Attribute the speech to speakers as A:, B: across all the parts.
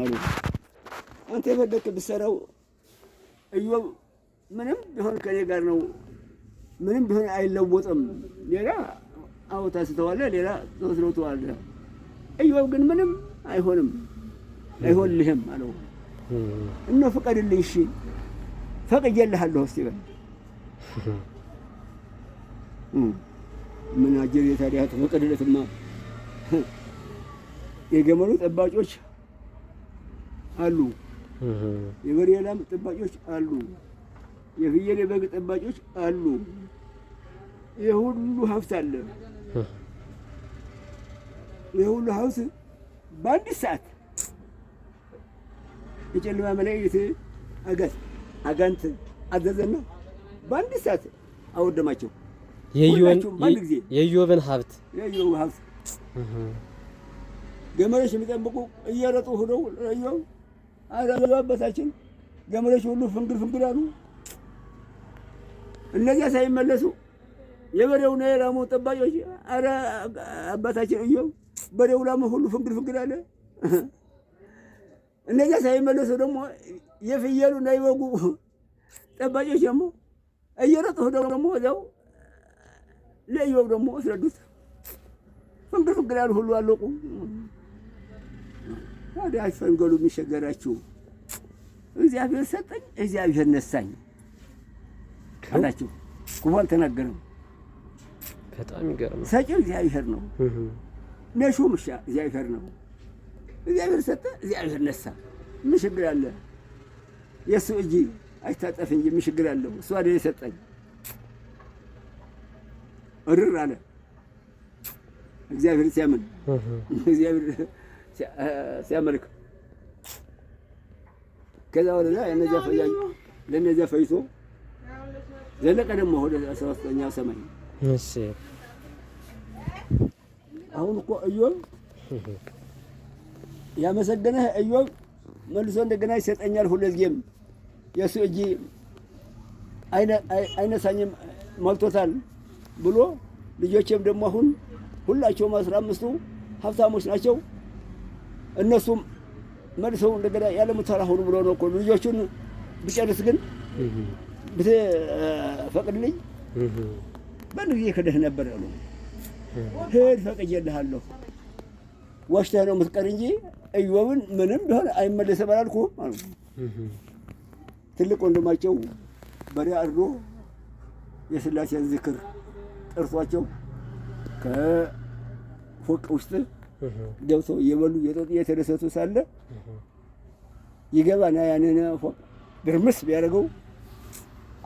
A: ማለት አንተ የፈለክ ብሰራው እዮብ ምንም ቢሆን ከኔ ጋር ነው፣ ምንም ቢሆን አይለወጥም። ሌላ አዎ ታስተዋለህ፣ ሌላ ተወስሮተዋለህ። እዮብ ግን ምንም አይሆንም፣ አይሆንልህም አለው። እነ ፍቀድልኝ፣ እሺ ፈቅጄልሃለሁ። እስቲ በል ምን አጀብ የታዲያ ተፈቀደለትማ የገመሉ ጠባጮች አሉ። የበሬ ላም ጠባቂዎች አሉ። የፍየል የበግ ጠባቂዎች አሉ። የሁሉ ሀብት አለ። የሁሉ ሀብት በአንድ ሰዓት የጨለማ መላእክት አጋት አጋንት አዘዘና በአንድ ሰዓት አወደማቸው።
B: የኢዮብን ሀብት
A: ሀብት ገመሮች የሚጠብቁ እየረጡ ሁነው አዛዙ አባታችን ገመዶች ሁሉ ፍንግል ፍንግል አሉ። እነዚያ ሳይመለሱ የበሬውና የላሙ ጠባቂዎች አረ አባታችን እየው በሬው ላሙ ሁሉ ፍንግል ፍንግል አለ። እነዚያ ሳይመለሱ ደግሞ የፍየሉና የበጉ ጠባቂዎች ደግሞ እየረጡ ደግሞ እዛው ለእዮብ ደግሞ አስረዱት። ፍንግል ፍንግል አሉ ሁሉ አለቁ። ታዲያ ፈንገሉ የሚሸገራችሁ እግዚአብሔር ሰጠኝ፣ እግዚአብሔር ነሳኝ አላችሁ። ክፉ አልተናገረም።
B: በጣም ይገርም።
A: ሰጪው እግዚአብሔር ነው። ነሹ ምሻ እግዚአብሔር ነው። እግዚአብሔር ሰጠ፣ እግዚአብሔር ነሳ። ምን ችግር አለ? የእሱ እጅ አይታጠፍ እንጂ ምን ችግር አለው? እሱ አደ የሰጠኝ። እርር አለ እግዚአብሔር ሲያምን እግዚአብሔር ሲያመልክ ከዛ ወደዛ ለእነዚያ ፈያጅ ለእነዚያ ፈይቶ ዘለቀ ደግሞ ወደ አስራ ሰማይ። እሺ አሁን እኮ እዮብ ያመሰገነህ እዮብ መልሶ እንደገና ይሰጠኛል ሁልጊዜም የእሱ እጅ አይነሳኝም ሞልቶታል ብሎ ልጆችም ደግሞ አሁን ሁላቸውም አስራ አምስቱ ሀብታሞች ናቸው። እነሱም መልሰው እንደገና ያለ አሁኑ ሁኑ ብሎ ነው እኮ ልጆቹን ብጨርስ ግን ብትፈቅድልኝ በአንድ ጊዜ ክደህ ነበር ያሉ። ሂድ ፈቅጄልሃለሁ፣ ዋሽተህ ነው የምትቀር እንጂ እዮብን ምንም ቢሆን አይመለስም አላልኩም ትልቅ ወንድማቸው በሬ አድሮ የስላሴን ዝክር ጠርቷቸው ከፎቅ ውስጥ ገብተው እየበሉ እየጠጡ እየተደሰቱ ሳለ ይገባና ያንን ፎቅ ድርምስ ቢያደርገው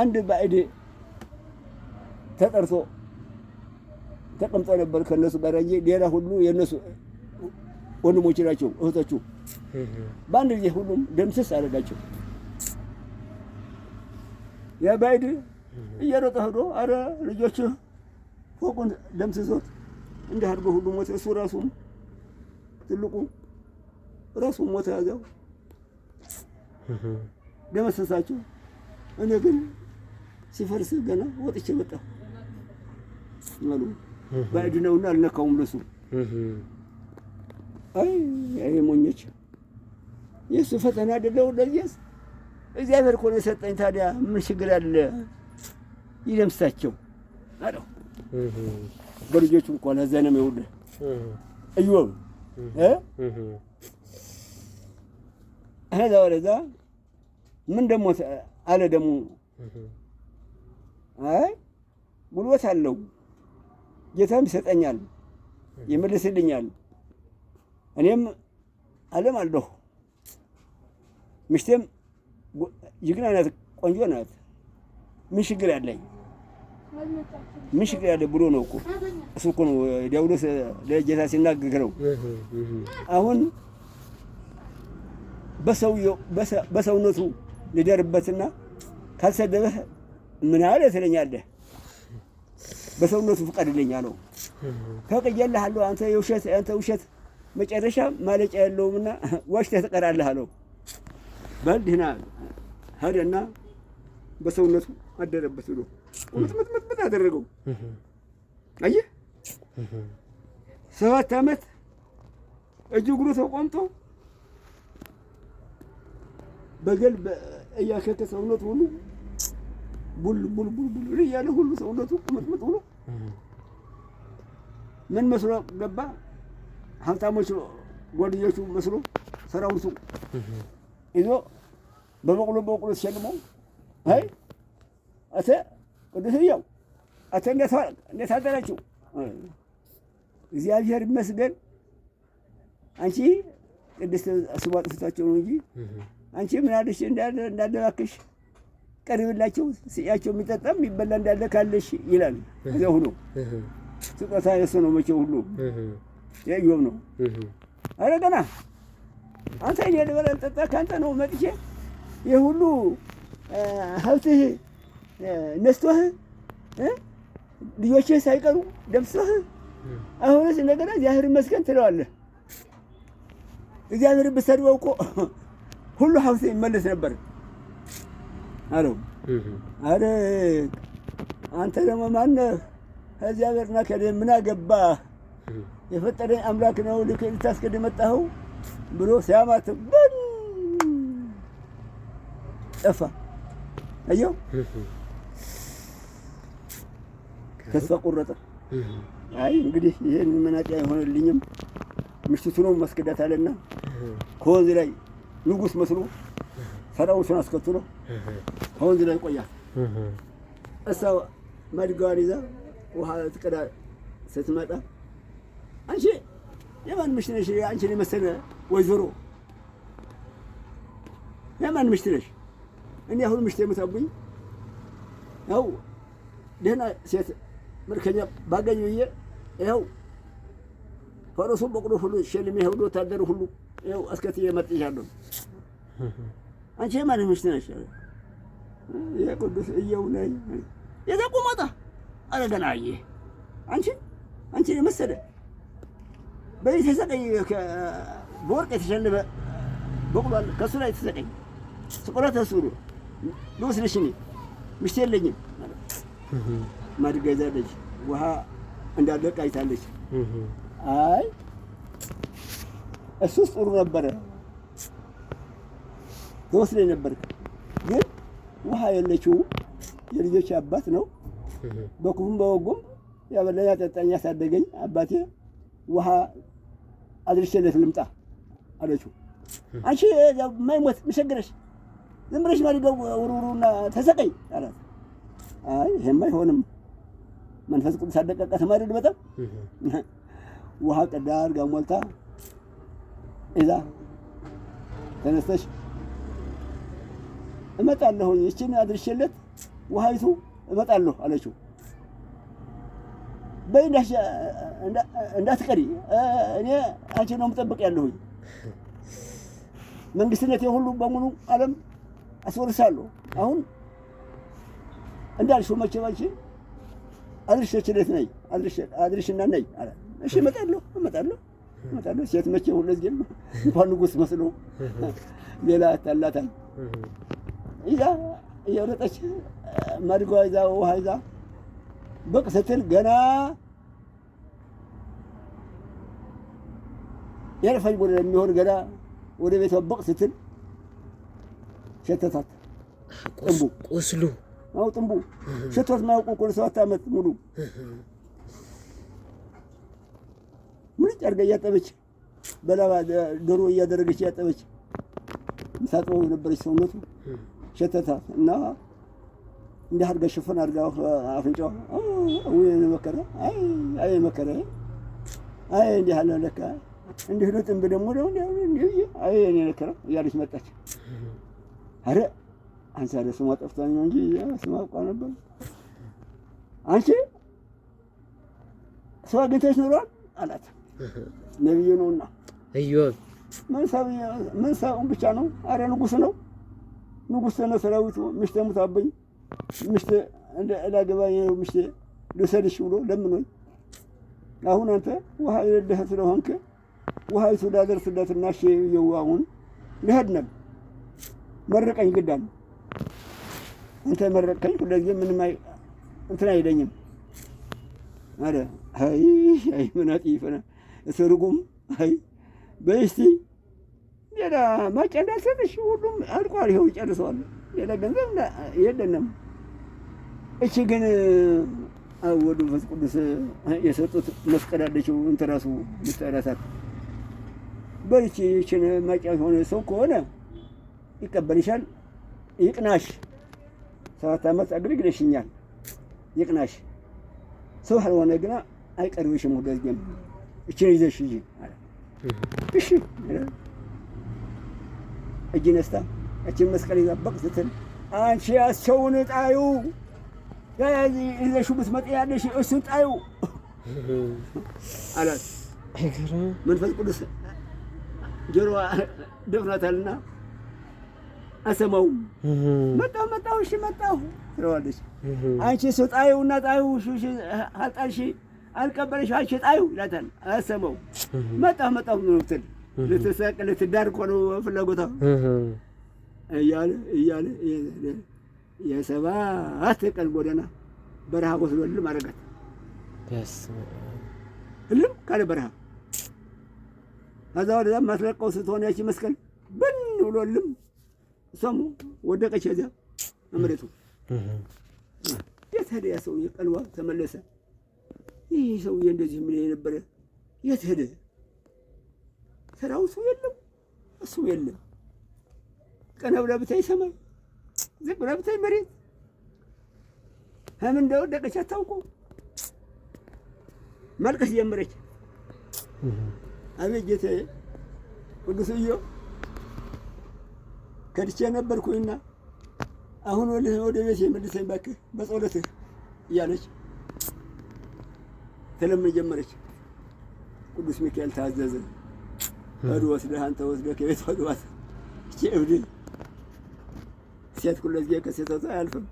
A: አንድ ባዕድ ተጠርቶ ተቀምጦ ነበር። ከነሱ ባዳዬ ሌላ ሁሉ የነሱ ወንድሞች ናቸው እህቶቹ። በአንድ ጊዜ ሁሉም ደምስስ አደረጋቸው። ያ ባዕድ እየሮጠ ሄዶ አረ ልጆችህ ፎቁን ደምስሶት እንዲህ አድርጎ ሁሉ ሞተ። እሱ ራሱም ትልቁ ራሱ ሞተ። ያዘው ደመሰሳቸው። እኔ ግን ሲፈርስ ገና ወጥቼ መጣሁ አሉ። ባዕድ ነውና አልነካውም። ለሱ አይ አይ ሞኞች፣ የእሱ ፈተና አይደለው ለዚያስ እግዚአብሔር እኮ ነው የሰጠኝ። ታዲያ ምን ችግር አለ? ይደምሳቸው አለው። በልጆቹ እንኳን አዘነም ይውል እዮብ እዛ ወደዛ ምን ደግሞ አለ ደግሞ አይ ጉልበት አለው ጌታም ይሰጠኛል ይመልስልኛል። እኔም አለም አለሁ። ምሽቴም ጅግና ናት፣ ቆንጆ ናት። ምን ችግር አለኝ? ምን ያለ ብሎ ነው እኮ እሱ እኮ ነው ዲያብሎስ ለጌታ ሲናገረው አሁን በሰውነቱ ሊደርበትና ካልሰደበህ ምን አለ ትለኛለህ። በሰውነቱ ፍቀድልኝ አለው። ፈቅጄልህ አንተ የውሸት አንተ ውሸት መጨረሻ ማለጫ የለውምና ዋሽተህ ትቀራለህ አለው። በል ደህና ሂድና በሰውነቱ አደረበት ብሎ ምትምትምትምት አደረገው። አየህ ሰባት ዓመት እጅ እግሩ ተቆምጦ በገል እያሸተ ሰውነት ሁሉ ቡል ቡል ቡል እያለ ሁሉ ሰውነቱ ቁምጥምጥ ብሎ ምን መስሎ ገባ? ሀብታሞች ጓደኞቹ መስሎ ሰራዊቱ ይዞ በበቅሎ በበቅሎ ሲሸልመው አይ እተ ቅዱስየው አቶ እንዴት አደረችው? እግዚአብሔር ይመስገን። አንቺ ቅድስት ስሟ ጥፍቷቸው ነው እንጂ አንቺ ምን አለሽ? እንዳለ እባክሽ ቀርብላቸው ስጫቸው፣ የሚጠጣም የሚበላ እንዳለ ካለሽ ይላል። እዚያ ሁሉ ስጦታ የሱ ነው። መቼ ሁሉ የኢዮብ ነው። አረ ገና አንተ እኔ ልበላ ጠጣ ከአንተ ነው መጥቼ ይህ ሀብትህ ነስቶህ ልጆችህ ሳይቀሩ ደምስቶህ አሁንስ እንደገና እግዚአብሔር ይመስገን ትለዋለህ። እግዚአብሔር ብሰድበው እኮ ሁሉ ሀብት ይመለስ ነበር አለው። አረ አንተ ደግሞ ማነህ? ና ከደ ምን አገባህ? የፈጠረኝ አምላክ ነው ልክ ልታስገድ መጣኸው ብሎ ሲያማት ብን ጠፋ አየው። ተስፋ ቆረጠ። አይ እንግዲህ ይሄን መናጤ አይሆንልኝም፣ ምሽቱ ነው መስገዳት አለና ከወንዝ ላይ ንጉስ መስሎ ሰራዊቱን አስከትሎ ከወንዝ ላይ ቆያል። እሷ ማድጋዋን ይዛ ውሃ ትቀዳ ስትመጣ አንቺ የማን ምሽት ነሽ? አንቺን የመሰለ ወይዘሮ የማን ምሽት ነሽ? እኔ አሁን ምሽት የምታቡኝ ያው ደህና ሴት ምርከኛ ባገኙ ብዬ ይኸው ፈረሱም በቅሎ ሁሉ ሸልሜ ሁሉ ወታደሩ ሁሉ ይኸው አስከትዬ መጥቻለሁ። አንቺ የማን ምሽት ነሽ? የቅዱስ እየው ነኝ። የዛ ቁመጣ አረ ገና አየ አንቺ አንቺ የመሰለ በዚህ ተሰቀኝ በወርቅ የተሸለመ በቅሏል። ከእሱ ላይ ተሰቀኝ ስቆላ ተስሩ ልወስድሽ እኔ ምሽት የለኝም ማድገዛለች፣ ውሃ እንዳለ ቃይታለች። አይ እሱስ ጥሩ ነበረ፣ ተወስደ ነበር። ግን ውሃ የለችው የልጆች አባት ነው። በክፉም በወጉም ያበላኝ ያጠጣኝ ያሳደገኝ አባቴ ውሃ አድርሼለት ልምጣ አለችው። አንቺ ማይሞት ምሸግረሽ ዝም ብለሽ ማድጋው ውርውሩና ተሰቀኝ አላት። አይ ይሄማ አይሆንም መንፈስ ቅዱስ አደቀቀ ተማሪድ በጣም ውሃ ቀዳ አድርጋ ሞልታ እዛ ተነስተሽ እመጣለሁ እችን አድርሼለት ውሃይቱ እመጣለሁ አለችው። በይ እንዳትቀሪ እኔ አንቺ ነው የምጠብቅ ያለሁኝ። መንግስትነት የሁሉ በሙሉ ዓለም አስወርሳለሁ። አሁን እንዳልሽው መቼ አንቺ አድርሽ ችለት ነይ አድርሽ አድርሽና ነይ አለ። እሺ እመጣለሁ እመጣለሁ እመጣለሁ። ሴት መቼ ሁልጊዜም ንጉስ መስሎ ሌላ ታላታል። ይዛ እየሮጠች ማድጓ ይዛ ውሃ ይዛ ብቅ ስትል ገና የረፈጅ ወደ የሚሆን ገና ወደ ቤቷ ብቅ ስትል ሸተታት ቁስሉ አሁን ጥንቡ ሽቶት ማያውቁ እኮ ሰባት ዓመት ሙሉ ሙሉ ጨርጋ እያጠበች በላባ ዶሮ እያደረገች እያጠበች ታጥበው ነበረች። ሰውነቱ ሸተታት እና እንዲህ አድርጋ ሽፎን አድርጋ አፍንጫዋ ወይ መከረ፣ አይ መከረ፣ አይ እንዲህ አለ ለካ እንዲህ ነው ጥንብ ደግሞ ደግሞ አይ እኔ መከረ እያለች መጣች አረ አንቺ አለ ስሟ ጠፍታኝ ነው እንጂ ስሟ አውቃ ነበር። አንቺ ሰው አግኝተሽ ኑሯል አላት። ነብዩ ነውና እዮብ መንሳቡን ብቻ ነው። አረ ንጉስ ነው ንጉስ ነው ሰራዊቱ። ምሽቴ ሙታብኝ፣ ምሽቴ እንደ ላገባኝ ነው ምሽቴ ልውሰድሽ ብሎ ለምኖኝ። አሁን አንተ ውሃ የሌለህ ስለሆንክ ውሃይቱ ላደርስለት እና ሽ የዋውን ልሄድ ነበር መርቀኝ ግዳል አንተ መረቅከኝ ሁለ ጊዜ ምንም እንትን አይለኝም አለ። አይ አይ መናጢ ፈና እስርጉም አይ በይ ሌላ ማጫ እንዳልሰጥሽ ሁሉም አልቋል፣ ይኸው ጨርሰዋል። ሌላ ገንዘብ የለንም። እቺ ግን አብ መንፈስ ቅዱስ የሰጡት መስቀል አለችው እንትራሱ ምትራሳት በልቺ ይችን ማጫ የሆነ ሰው ከሆነ ይቀበልሻል። ይቅናሽ። ሰባት ዓመት አገልግለሽኛል፣ ይቅናሽ። ሰው ካልሆነ ግና አይቀርብሽም። ወደዚህም እችን ይዘሽ ሂጂ አለ። እሺ እጅ ነስታ እችን መስቀል ይዛበቅ በቅ ስትል አንቺ ያስቸውን ጣዩ ይዘሽው ብትመጣ ያለሽ እሱን ጣዩ አላት። መንፈስ ቅዱስ ጆሮዋ ደፍናታልና አሰማው መጣሁ መጣሁ እሺ መጣሁ ትለዋለች። አንቺ ሰው ጣዩ እና ጣዩ አልጣልሽ አልቀበለሽ አንቺ ጣዩ ይላታል። አሰማው መጣሁ መጣሁ ምትል ልትሰቅ ልትዳር እኮ ነው ፍላጎቷ እያለ እያለ የሰባት ቀን ጎዳና በረሃ ወስዶ እልም አደረጋት። እልም ካለ በረሃ ከዛ ወደዛ ማስለቀው ስትሆን ያቺ መስቀል ብን ብሎ እልም ሰሙ ወደቀች። እዚያ መሬቱ የት ሄደ? ያ ሰው? ቀልቧ ተመለሰ። ይህ ሰውዬ እንደዚህ ምን የነበረ የት ሄደ? ስራው ሰው የለም እሱ የለም። ቀና ብላ ብታይ ሰማይ፣ ዝቅ ብላ ብታይ መሬት፣ ከምን እንደወደቀች አታውቁ። ማልቀስ ጀመረች። አቤት ጌታዬ ቅዱስዮ ከድቼ ነበርኩኝና አሁን ወደ ቤት የመልሰኝ ባክህ በጸሎትህ እያለች ተለምን ጀመረች። ቅዱስ ሚካኤል ታዘዘ። እድ ወስደህ አንተ ወስደህ ከቤት አግባት። እቺ እብድ ሴት ሁለት ጊዜ ከሴት ወጥታ አያልፍም።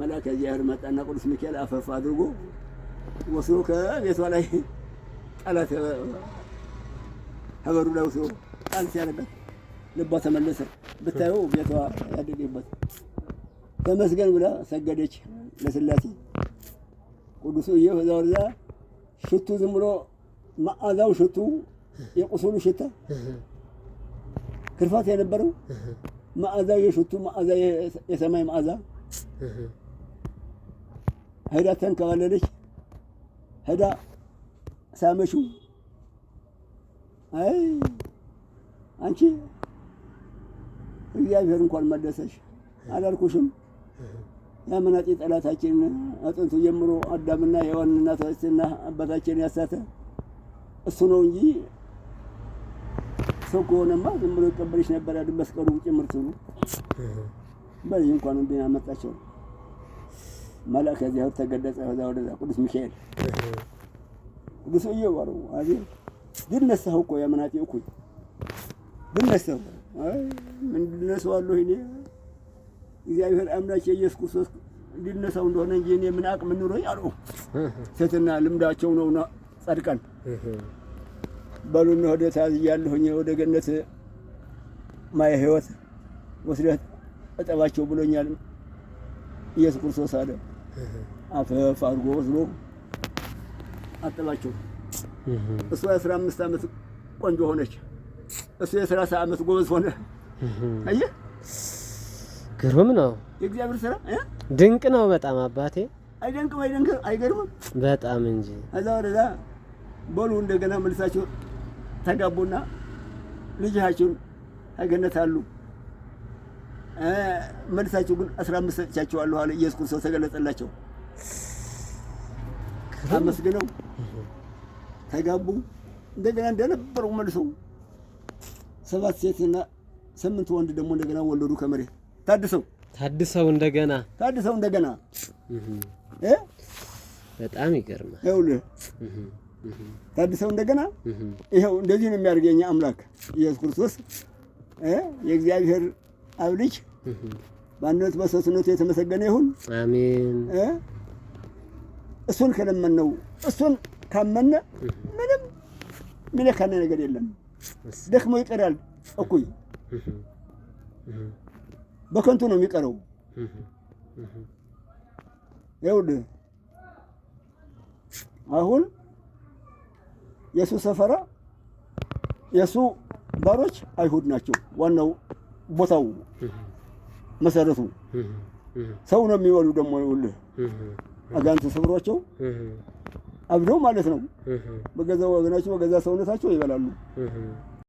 A: መልአከ እግዚአብሔር መጣና ቅዱስ ሚካኤል አፈፍ አድርጎ ወስዶ ከቤቷ ላይ ጣላት። ሀበሩ ላይ ወስዶ ጣል ሲያደርጋት ልቧ ተመለሰ። ብታዩ ቤቷ ያደገበት ተመስገን ብላ ሰገደች ለስላሴ ቅዱሱ እየ ሽቱ ዝም ብሎ መዓዛው ሽቱ የቁስሉ ሽታ ክርፋት የነበረው መዓዛው የሽቱ መዓዛ የሰማይ መዓዛ ሄዳ ተንከባለለች። ሄዳ ሳመሹ አይ አንቺ እግዚአብሔር እንኳን መለሰሽ አላልኩሽም? የአመናጢ ጠላታችን አጥንቱ ጀምሮ አዳምና ሔዋን እናታችንና አባታችን ያሳተ እሱ ነው እንጂ ሰው ከሆነማ ዝም ብሎ ይቀበልሽ ነበር ያድ መስቀሉ ጭምር ትሉ በዚህ እንኳን እንዴ አመጣቸው። መልአከ እግዚአብሔር ተገለጸ ከዛ ወደዛ ቅዱስ ሚካኤል ቅዱስ እየው አሉ አዜ ግን ነሳሁ እኮ የአመናጢ እኩይ ግን ነሳሁ እንድነሳዋለሁ እኔ እግዚአብሔር አምላክ የኢየሱስ ክርስቶስ እንድነሳው እንደሆነ እንጂ እኔ ምን አቅም ኑሮኝ አሉ። ሴትና ልምዳቸው ነውና ጸድቀን በሉና ወደ ታዝያለሁኝ ወደ ገነት ማየ ህይወት ወስደህ እጠባቸው ብሎኛል ኢየሱስ ክርስቶስ አለ። አፈፍ አድርጎ ወስዶ አጠባቸው። እሷ የአስራ አምስት ዓመት ቆንጆ ሆነች። እሱ የሰላሳ አመት ጎበዝ ሆነ። አየህ፣ ግሩም ነው የእግዚአብሔር ስራ፣
B: ድንቅ ነው በጣም አባቴ።
A: አይደንቅም? አይደንቅም? አይገርምም?
B: በጣም እንጂ።
A: እዛ ወደዛ በሉ እንደገና መልሳቸው ተጋቡና ልጃቸውን አይገነት አሉ። መልሳቸው ግን አስራ አምስት ሰጥቻቸዋለሁ አለ ኢየሱስ ክርስቶስ ተገለጸላቸው። አመስግነው ተጋቡ። እንደገና እንደነበረው መልሰው ሰባት ሴትና ስምንት ወንድ ደግሞ እንደገና ወለዱ። ከመሬት ታድሰው
B: ታድሰው እንደገና
A: ታድሰው እንደገና እ
B: በጣም ይገርማል።
A: ይኸውልህ ታድሰው እንደገና ይኸው እንደዚህ ነው የሚያደርገኝ አምላክ ኢየሱስ ክርስቶስ እ የእግዚአብሔር አብ ልጅ በአንድነት በሦስትነቱ የተመሰገነ ይሁን አሜን። እሱን ከለመነው እሱን ካመነ ምንም ሚነካነ ነገር የለም። ደክሞ ይቀራል እኩይ በከንቱ ነው የሚቀረው። ይኸውልህ አሁን የእሱ ሰፈራ የእሱ ባሮች አይሁድ ናቸው። ዋናው ቦታው መሰረቱ ሰው ነው የሚበሉ ደግሞ ይኸውልህ አጋንንት ሰብሯቸው አብደው ማለት ነው። በገዛ ወገናቸው በገዛ ሰውነታቸው ይበላሉ።